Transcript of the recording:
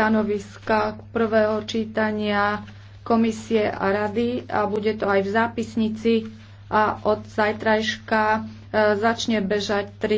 stanoviska prvého čítania komisie a rady a bude to aj v zápisnici a od zajtrajška e, začne bežať 3.